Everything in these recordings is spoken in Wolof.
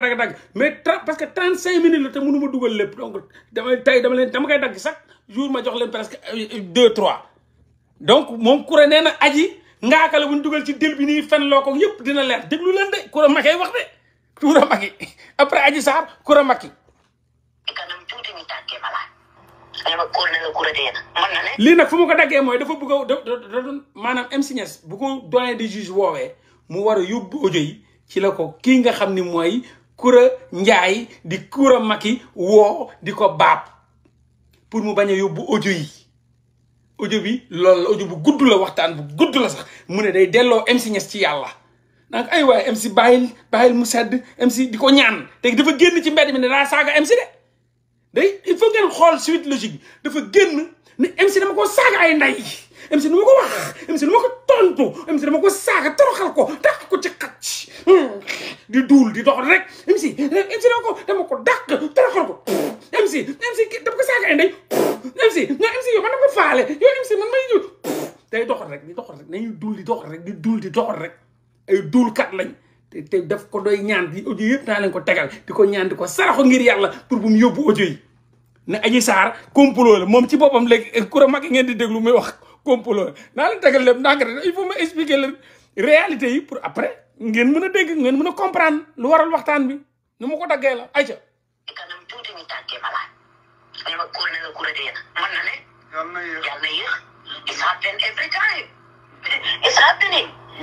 dagg dagg mais parce que trente cinq minutes la te mënu ma dugal lépp donc dama tey dama leen dama koy dagg chaque jour ma jox leen presque euh, deux trois donc moom Coura nee na aji ngaaka la bu dugal ci dil bi nii fen loo ko yëpp dina leer déglu leen de Coura Macky wax de Coura Macky après aji saar Coura Macky lii nag fu ma ko daggee mooy dafa bëgg a maanaam MC Niass bu ko doyen de juge woowe mu war a yóbbu ojo yi ci la ko kii nga xam ni mooy kura njaay di kura maki woo di ko baab pour mu bañ a yóbbu ojo yi audio bi loolu ojo bu gudd la waxtaan bu gudd la sax mu ne day delloo MC Niass ci yàlla donc ay waaye MC bàyyil bàyyil mu sedd MC di ko ñaan te dafa génn ci mbedd mi ne daa saaga MC de day il faut ngeen xool suite dafa génn ne MC dama ko saaga ay ndey MC dama ko wax MC dama ko tontu MC dama ko saaga toroxal ko dàq ko ci xaj hmm. di duul di dox rek MC MC dama ko dama ko dàq toroxal ko MC MC dama ko saaga ay ndey MC ñoo MC yow man dama ko faale yow MC man may ñu day dox rek di dox duul di dox rek di duul di dox rek ay duulkat lañ te te daf ko doy ñaan di audio naa leen ko tegal di ko ñaan di ko saraxo ngir yàlla pour bu mu yóbbu audio yi ne Adji Sarr complot la moom ci boppam léegi kuréel mag i ngeen di déglu muy wax complot naa leen tegal lépp ndànk il faut ma expliquer leen réalité yi pour après ngeen mën a dégg ngeen mën a comprendre lu waral waxtaan bi nu ma ko daggee la ay kanam tuuti ne.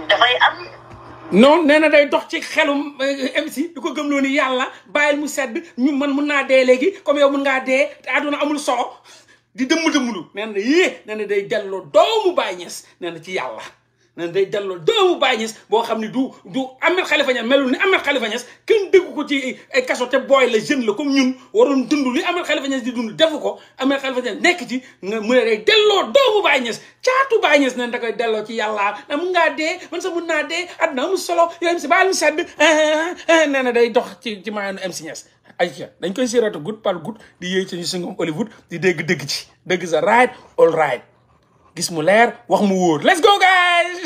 na non nee day dox ci xelum si eh, di ko gëm ni yàlla bàyyil mu sedd ñu man mun naa dee léegi comme yow mun ngaa dee te àdduna amul solo. di dëmm dëmmlu nee na yii nee na day delloo doomu Baay Ñas nee na ci yàlla nee na day delloo doomu Baay Ñas boo xam ne du du Ahmed Khalifa Niass melul ni Ahmed Khalifa Niass kenn ko ci ay kaso te booy la comme ñun waroon dund li Ahmed Khalifa di dund defu ko Ahmed Khalifa Niass nekk ci nga mu ne day delloo doomu Baay Ñas caatu Baay Ñas nee da koy delloo ci yàlla na mun ngaa dee man mun naa dee àdduna amul solo yow MC Baal mi sedd na day dox ci ci maanaam MC Niass ayca dañ ko sirata good par good di yëy ci Hollywood di dégg dégg ci dégg sa right all right gis mu leer wax mu wóor let's go guys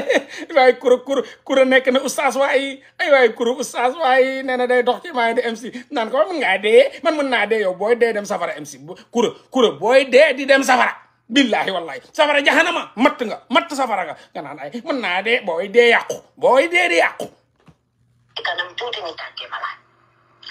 waaye kuro kuro kuro nekk na oustaz waayi ay waaye kuro oustaz waayi nee na day dox ci maa ngi di MC naan ko mun ngaa dee man naa dee yow booy dee dem safara MC kuro kuro booy dee di dem safara billahi wallahi safara jahanama matt nga matt safara nga nga naan ay mun naa dee booy dee yàqu booy dee di yàqu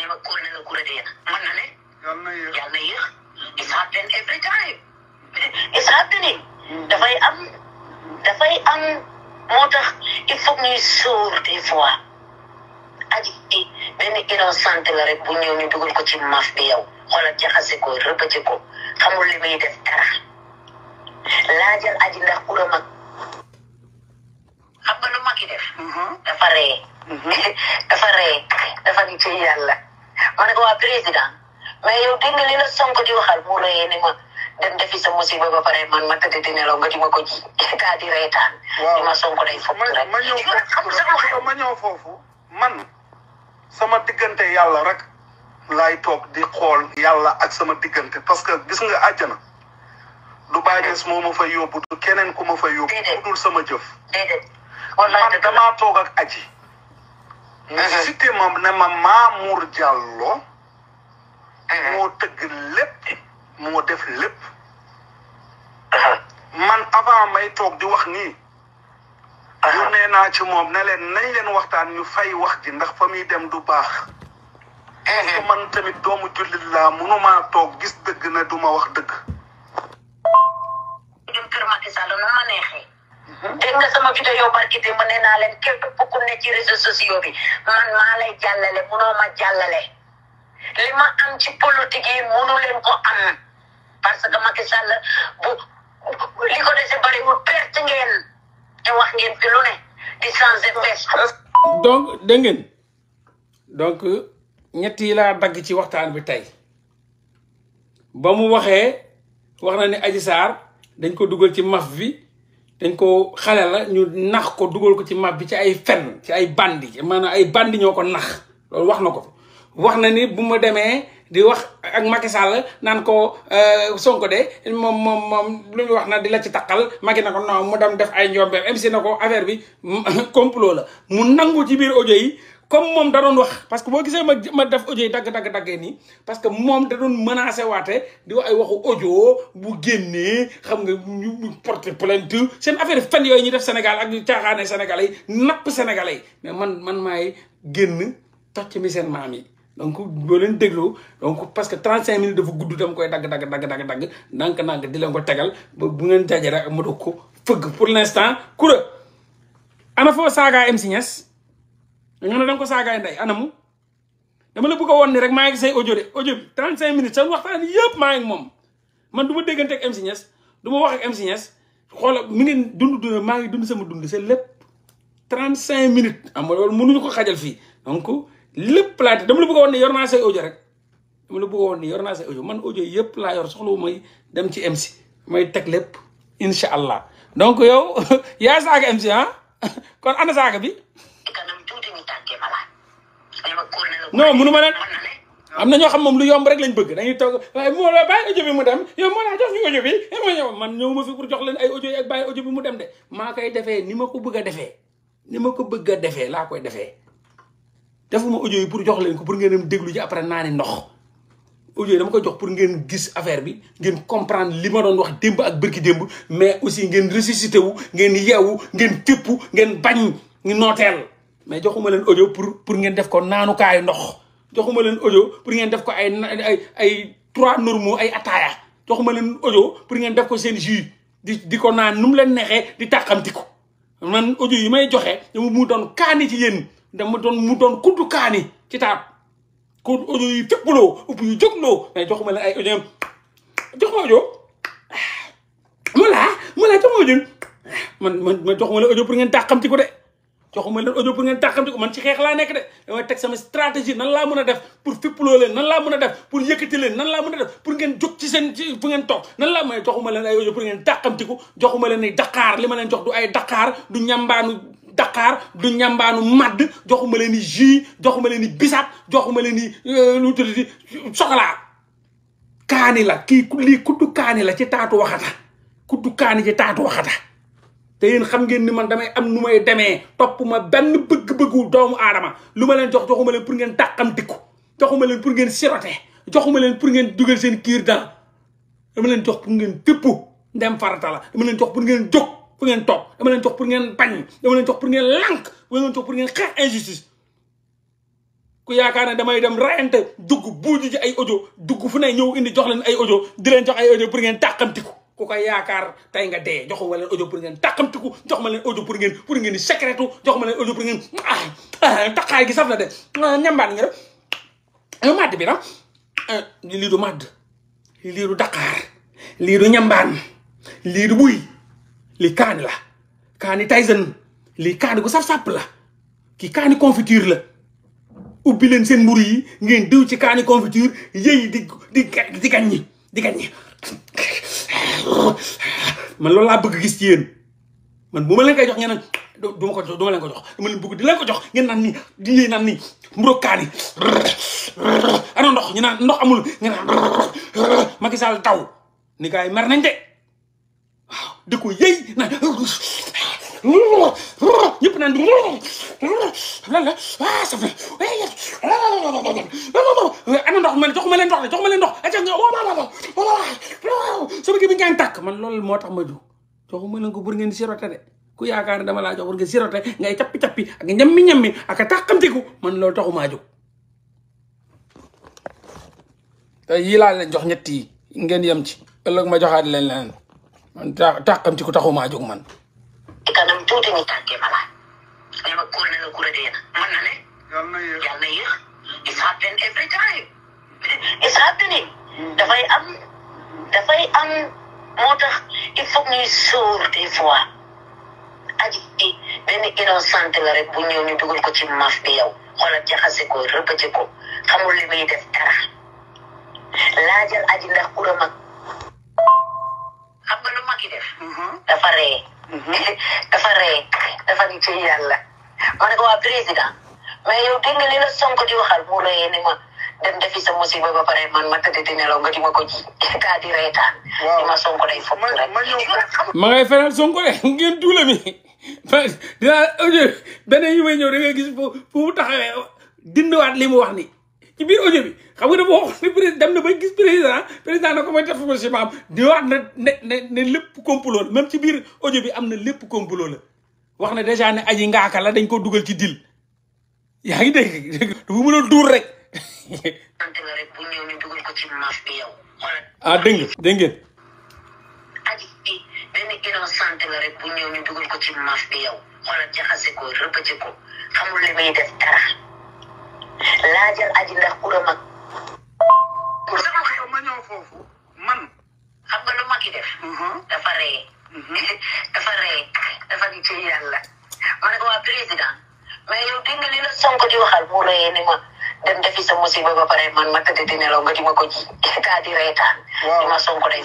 ne ma couronné nga couronné ya na ne. yàlla na yéex am moo tax il faut ñuy sóor des fois. aji ji benn innocent la rek bu ñëw ñu dugal ko ci maf bi yow xoolal jaxase ko rëbëje ko xamul li muy def dara laajal aji ndax ku la mag xam nga magi def mm-hmm. mm-hmm. dafa ree dafa ni ci yàlla ma waa président mais yow dégg nga li la Sonko di waxal mu rëyee ni ma dem defi sa musiba ba pare man ma tëdd di nelaw nga di ma ko ji kaa di reetaan. waaw ma Sonko day fokk ma ñëw foofu ma man sama diggante yàlla rek laay toog di xool yàlla ak sama diggante parce que gis nga àjjana du bàyyi moo ma fa yóbbu du keneen ku fa yóbbu. déedéet sama jëf. déedéet man damaa toog ak aji. nga cité ma ne ma Mamour Diallo. moo tëgg lépp moo def lépp. man avant may toog di wax nii. yónnee naa ci moom ne leen nañ leen waxtaan ñu fay wax ji ndax fa muy dem du baax. parce que man tamit doomu jullit laa mënumaa toog gis dëgg na duma wax dëgg. dem kër Macky dégg nga sama vidéo barki démb nee naa leen képp ku ne ci réseaux sociaux bi man maa lay jàllale munoo ma jàllale li ma am ci politique yi munu leen ko am parce que Macky Sall bu li ko dese bariwul perte ngeen te ngeen di changer bés. donc ci waxtaan bi tey ba mu waxee wax na ne Adji Sarr dañ ko dugal ci maf bi. dañ ko xale la ñu nax ko dugal ko ci map bi ci ay fen ci ay bandi maanaam ay bandi ñoo ko nax wax na ko wax na ni bu ma demee di wax ak Macky Sall naan ko euh, Sonko de moom moom moom lu ñu wax na di la ci taqal Macky na ko non mu dem def ay njombeem MC na ko affaire bi complot la mu nangu ci biir audio yi comme moom da doon wax parce que boo gisee ma ma def audio yi dagg dagg daggee nii parce que moom da doon menacé waate di wax ay waxu audio bu génnee xam nga ñu porter plainte seen affaire fan yooyu ñu def Sénégal ak ñu caaxaane Sénégalais yi napp Sénégalais yi mais man man maay génn tocc mi seen maam yi donc boo leen dégloo donc parce que 35 minutes dafa gudd dama koy dagg dagg dagg dagg ndànk-ndànk di leen ko tegal bu ngeen jaajëlee ak ma doog ko fëgg pour l' instant. Koura ana foo saaga MC da nga ne da nga ko saagaay ndey anamu dama la bëgg a woon ni rek maa ngi say ojo de audio bi 35 minutes seen waxtaan yëpp maa ngi moom man du ma déggante ak MC Niass du ma wax ak MC mu ngi dund dund maa ngi dund sama dund c'est lépp 35 minutes am ah, loolu mënuñu ko xajal fii donc lépp laa dama la bëgg a woon yor naa say audio rek dama la bëgg a woon ni yor naa say ojo man ojo yëpp laa yor soxla mooy dem ci MC may teg lépp incha allah donc yow yaa saaga MC ah kon ana saaga bi. non munu ma leen am na ñoo xam moom lu yomb rek lañ bëgg dañuy toog waaye moo la bàyyi audio bi mu dem yow moo laa jox ñu audio bi eh, ma ñëw man ñëw ma fi pour jox leen ay audio yi ak bàyyi bi mu dem de maa koy defee ni ma ko bëgg a defee ni ma ko bëgg a defee laa koy defee defuma ojo yi pour jox leen ko pour ngeen dem déglu ji après naa ndox audio yi dama ko jox pour ngeen gis affaire bi ngeen comprendre li ma doon wax démb ak bërki démb mais aussi ngeen ressuscité wu ngeen yeewu ngeen tépp ngeen bañ ñu nooteel mais joxuma leen audio pour pour ngeen def ko naanukaayu ndox joxuma leen audio pour ngeen def ko ay ay ay trois normaux ay ataaya joxuma leen audio pour ngeen def ko seen jus di di ko naan nu mu leen neexee di tàqamti ko man audio yi may joxe dama mu doon kaani ci yéen dama doon mu doon kuddu kaani ci taab ku audio yi féppaloo ëpp yu jógloo mais joxuma leen ay audio joxuma audio ah, voilà voilà joxuma audio ah, man man ma joxuma leen audio pour ngeen tàqamti ko de joxuma leen audio pour ngeen tàqamti ko man ci xeex laa nekk de damay teg nan laa mën a def pour fipploo leen nan laa mën a def pour yëkkati nan laa a def pour ngeen jóg ci seen fu toog nan laa may joxuma leen ay audio pour ngeen tàqamti ko joxuma leen ay Dakar li ma leen jox du ay Dakar du ñambaanu daqaar du ñambaanu madd joxuma leen i jus joxuma leen i bisaab joxuma leen i euh, lu tuddati soxlaa kaani la kii lii kuddu kaani la ci taatu waxata kuddu kaani ci taatu waxata te yéen xam ngeen ni man damay am nu may demee topp ma benn bëgg wu doomu aadama lu ma leen jox joxuma leen pour ngeen tàqamtiku joxuma leen pour ngeen sirote joxuma leen pour ngeen dugal seen kiir dara dama leen jox pour ngeen tëpp dem farata la dama leen jox pour ngeen jóg fu ngeen toog dama leen jox pour ngeen bañ dama leen jox pour ngeen lànk dama leen jox pour ngeen xeex injustice ku yaakaar ne damay dem rayante dugg buuju ci ay ojo dugg fu ne ñëw indi jox leen ay audio di leen jox pour ngeen tàqamtiku ku ko yaakaar tey nga dee joxuma leen audio pour ngeen tàqamtiku jox ma leen audio pour ngeen pour ngeen di secretu jox ma leen audio pour ngeen ah, ah taqaay gi saf la de ah, ñambaat nga def bi nag lii ah, màdd lii du lii du ñambaan lii du buy lii kaani la kaani Tyson lii kaani gu saf-sàpp la kii kaani confiture la ubbi leen seen mburu yi ngeen diw ci kaani confiture yëy di di di gañ ñi di gañ ñi man loolu laa bëgg gis ci yéen man bu ma leen koy jox ngeen naan du ma ko du ma leen ko jox dama leen bëgg di leen ko jox ngeen naan nii di ngeen naan nii mburoog kaani ana ah, ndox ñu naan ndox amul ngeen naan Macky Sall taw ni gars yi mer nañ de waaw di ko yëy naan ñëpp naan di ana ndox man joxuma leen ndox la joxuma leen ndox a nga waaw sama kii bi ngeen tàkk man loolu moo tax ma jóg joxuma leen ko pour ngeen sirote de ku yaakaar ne dama laa jox pour ngeen sirote ngay cappi-cappi ak ñammi-ñammi ak a tàqamtiku man loolu taxumaa jóg te yii laa leen jox ñetti ngeen yem ci ëllëg ma joxaat leen leneen man tàqamtiku taxumaa jóg man kanam tuuti ñu happen every time dafay am dafay am moo tax il faut ñuy sauver des fois aji gi benn innocent la rek bu ñëw ñu dugal ko ci maf bi yow xoolal jaxase ko rëbëje ko xamul li muy def dara laajal aji ndax ku mag xam nga mag mm-hmm. mm-hmm. dafa ree dafa ni ci yàlla ma ne waa président mais yow dégg nga la Sonko di waxal mu rëyee ne ma dem defi sa musiba ba pare man ma tëdd di nelaw nga di ma ko ji kaa di reetaan. waaw ma Sonko day fokk ma ngay fenal Sonko de ngeen duule mi dinaa audio beneen yu may ñëw da ngay gis fu mu taxawee dindiwaat li mu wax ni ci biir audio xam nga dafa wax ni dem na ba gis président président na ko may def si maam di ne ne ne lépp complot la même ci biir audio bi am na lépp complot la wax na dèjà ne aji ngaaka la dañ ko dugal ci dil yaa ngi dégg bu mënoon duur rek. ah dégg dégg ngeen. benn innocent la rek bu ñëw ñu dugal ko ci maaf ah, bi yow xoolal jaxase ko rëbëje ko xamul li muy def dara laajal aji ndax ku la mag. ma ñëw foofu man. xam nga mag yi def. Mm-hmm. Mm-hmm. dafa ree dafa ni ci yàlla ma ne waa président. mais yow dégg nga li la Sonko di waxal mu rëyee ni ma dem defi sa man ko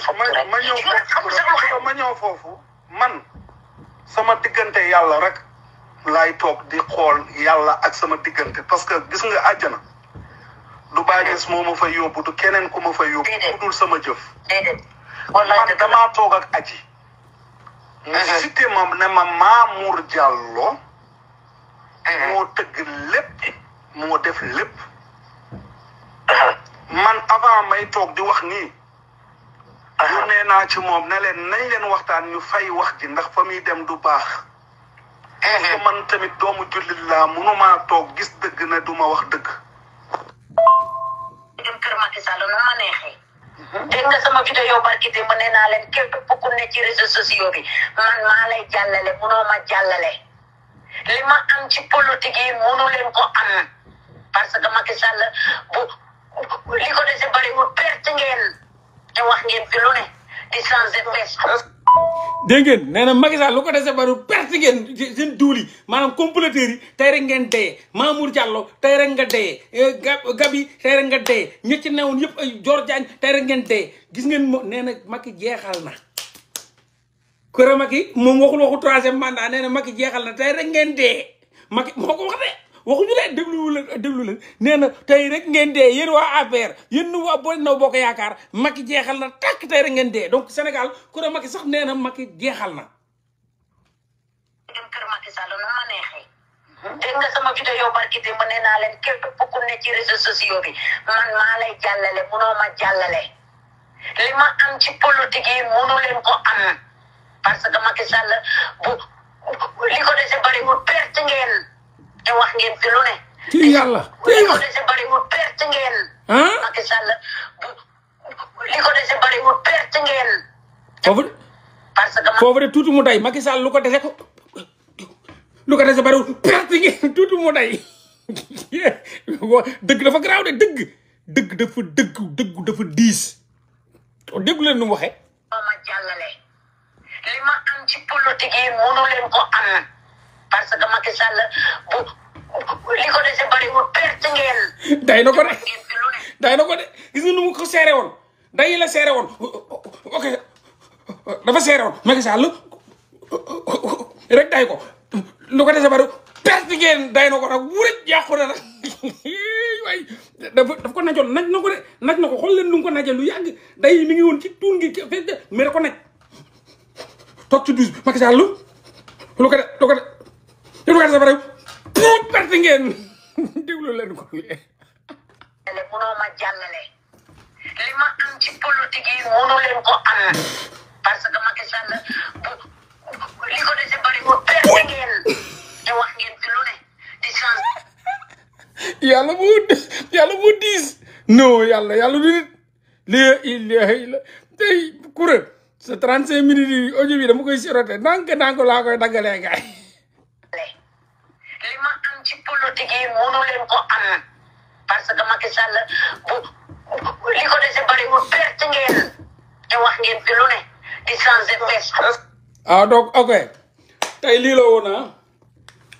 ma ma ñëw foofu ma ñëw foofu man sama diggante yàlla rek lay toog di xool yàlla ak sama diggante parce que gis nga àjjana. du bàyyees moo ma fa yóbbu du keneen ku fa yóbbu. ku sama jëf. déedéet man damaa toog ak aji. cité mhm. ma ne Mm-hmm. moo tëgg lépp moo def lépp mm-hmm. man avant may toog di wax nii lu mm-hmm. nee naa ci moom ne leen nañ leen waxtaan ñu fay wax ji ndax fa muy dem du baax parce man tamit doomu jullit laa mënumaa toog gis dëgg ne du ma wax dëgg dem kër Macky Sall nu ma neexee dégg nga naa leen képp ku ne ci réseaux sociaux bi man maa lay jàllale mënoo ma jàllale li ma am ci politique yi mënu leen ko am parce que Macky Sall bu li ko dese bari mu perte ngeen wax ngeen fi ne di changer bes dégg ngeen nee na lu ko dese bari perte ngeen seen duul yi maanaam compléteurs yi tey rek ngeen dee Mamour Diallo tey rek nga dee eh, Gabi tey rek nga dee ñi ci newoon yëpp ay Dior Diagne tey ngeen dee gis ngeen moo nee na jeexal na kura Macky moom waxul waxu troisième mandat nee na Macky jeexal na tey rek ngeen dee Macky moo ko wax de waxuñu leen dégluwu leen déglu leen nee na tey rek ngeen dee yéen waa APR yéen waa Benno Bokk Yaakaar Macky jeexal na tàkk tey rek ngeen dee donc Sénégal kura Macky sax nee na Macky jeexal na. dem ma neexee. dégg nga sama a barki bi ma nee naa leen képp ku ne ci réseaux sociaux bi man maa lay jàllale munoo ma jàllale li ma am ci politique yi munu leen ko am. parce que Macky Sall bu li ko dese bariwul perte ngeen te wax ngeen fi lu ne. ci yàlla li ko dese bariwul perte ngeen. Macky Sall bu li ko dese bariwul perte ngeen. foofu parce que foofu de tuuti mu day Macky Sall lu ko dese ko lu ko dese bariwul perte ngeen tuuti mu day dëgg dafa garaaw de dëgg dëgg dafa dëgg dëgg dafa diis déggu leen nu mu waxee. ma am ci politique yi mënu leen ko am parce que Macky Sall bu li ko dese bariwul perte ngeen. day day na woon day la seere woon ok dafa seere woon Macky rek day ko lu ko dese bari perte ngeen day na ko nag wuure yàqu na nag daf ko najoon naj na ko de naj na ko xool leen nu ko najee lu yàgg day mi ngi woon ci tuun gi mais da ko naj. toog ci douze bi Macky lu ko de de lu ko de sama réew pour perte ngeen déglu leen ko ko am parce que Macky Sall bu li ko dese bari mu perte ngeen di wax ngeen fi lu ne di change yàlla bu yàlla bu diis non yàlla yàlla du nit lii ilaha illa tey kuréel sa 35 minutes yi audio bi dama koy sirote ndànk ndànk laa koy daggalee gaay li ma am ci politique yi mënu leen ko am parce que Macky Sall bu li ko dese bariwul perte ngeen ngeen fi lu ne di changer pes ah donc ok tey lii la woon ah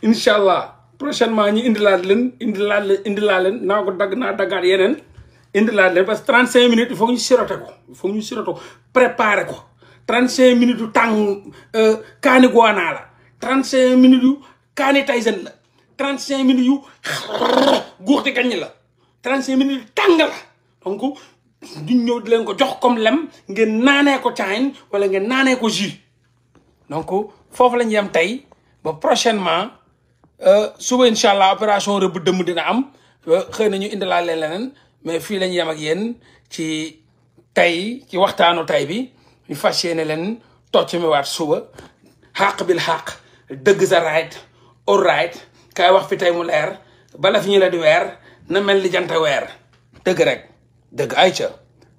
incha allah prochainement ñi indilaat leen indilaat leen indilaat leen naa ko dagg naa daggaat yeneen indilaat leen parce que 35 minutes il faut ñu sirote ko il faut ñu sirote ko préparer ko 35 minutes yu tàng euh, kaani guanaa la 35 minutes yu kaani Tyson la 35 minutes yu guux di gañ la 35 minutes yu tàng la donc duñ ñëw di leen ko jox comme lem ngeen naanee ko caayin wala ngeen naanee ko jus donc foofu la ñu yem tey ba prochainement euh, suba incha allah opération rëbb dëmm dina am euh, xëy na ñu indilaa leen leneen mais fii la ñu yem ak yéen ci tey ci waxtaanu tey bi ñu fas yéene leen tocc mi waat suba xàq bil xàq dëgg sa right all right kaay wax fi tey mu leer bala fi ñu la di weer na mel ni jant weer dëgg rek dëgg ay ca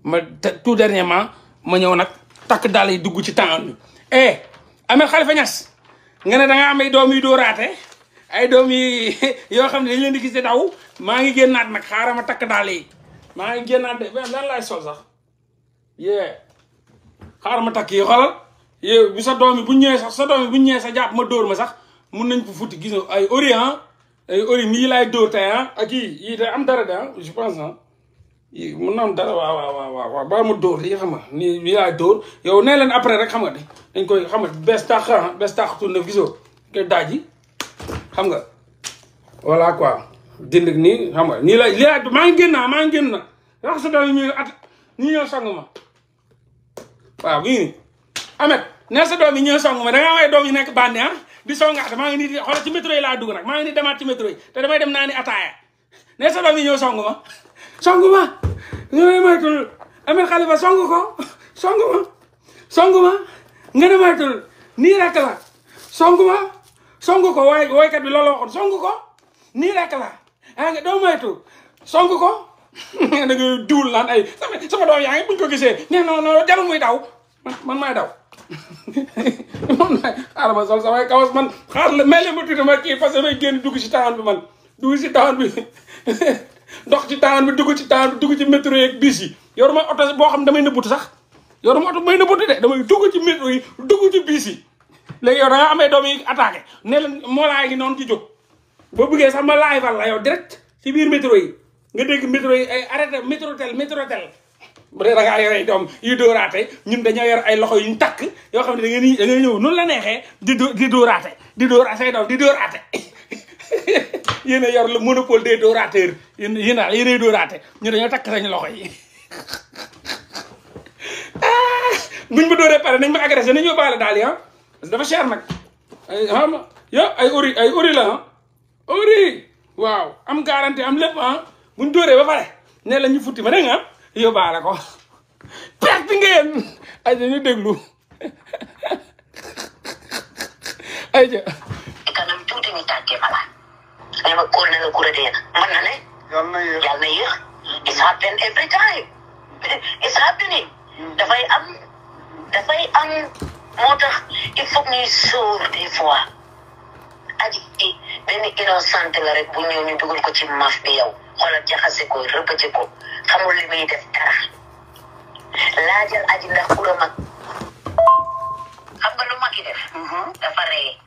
ma tout dernièrement ma ñëw nag takk daal yi dugg ci temps bi eh Ahmed Khalifa Niass nga ne da nga am ay doom yi dóoraate ay doom yi yoo xam ne dañ leen di gis daw maa ngi naat nag xaaral ma takk daal yi maa ngi génnaat de lan laay sol sax yee xaaral ma sa doom yi bu ñëwee sax sa doom bu ñëwee sax jàpp ma ma sax mun nañ ko futti gis nga ay ori ah, ah, am dara de ah je pense ah yii mun xam nga yow nee leen après rek xam nga de dañ koy xam nga bees tax ah bees gisoo koy daaj yi xam nga voilà quoi dindi nii xam nga nii la lii laay maa ngi génn naa ah, maa ngi génn na wax sa doom yi ñu at ñu ñëw sang waaw bii nii Ahmed nee sa doom yi ñëw song ma da ngaa may doom yi nekk bànne ah? di song at ah, maa ngi nii xoolal ci métro yi laa dugg nag maa ngi dem naa ni ataaya nee sa doom yi ñëw song ma song ma nga ne maytul Ahmed Khalifa song ko song ma song ma nga ne maytul nii rek la song ma songu ko waay woykat bi loolu waxoon song ko nii rek la ah nga doo maytul song ko da nga duul ay sa sama doom yaa ngi buñ daw man maa maay daw man maay xaaral ma sol samay kawas man xaaral la mel ne ma tuuti kii parce que may génn dugg ci taan bi man dugg si taan bi dox ci taan bi dugg ci taan bi dugg ci métro yeeg bis yi yoruma oto boo xam damay nëbbutu sax yoruma oto may nëbbutu de damay dugg ci métro yi dugg ci bis yi léegi amee doom yi attaqué ne la moolaay ngi noonu ci jóg boo buggee sax ma laay fal la yow direct ci biir métro yi nga dégg métro yi ay arrêté métro tel métro tel bu dee da ngaa yore doom yu dóoraate ñun dañoo yor ay loxo yuñ takk yoo xam ne da ngeen da ngeen ñëw noonu la neexee di dó di dóoraate di dóor say doom di dóoraate yéen a yor le monopole des dóorateurs yéen yéen a yéenay dóoraate ñun dañoo takk sañ loxo yi ah, buñ ma dóoree pare ma agressé nañ yóbbaale daal yi ah. dafa cher nag ay yo ay ori ay ori la ah waaw am garantie am lépp ah buñ dóoree ba pare ne la ñu futti ma dégg nga yóbbaale ko perte ngeen ay ñu déglu ay ja kanam tuuti ñu tàggee ma la ne ma kóor na nga kura dee na mën na ne yàlla na yéex every time it's happening dafay am dafay am moo tax il faut ñuy sóor des fois benn innocent la rek bu ñëw ñu dugal ko ci maf xoolal jaxase ko rëbëje ko xamul li muy def dara laajal aji ndax ku la mag xam nga lu magi def mm-hmm. dafa ree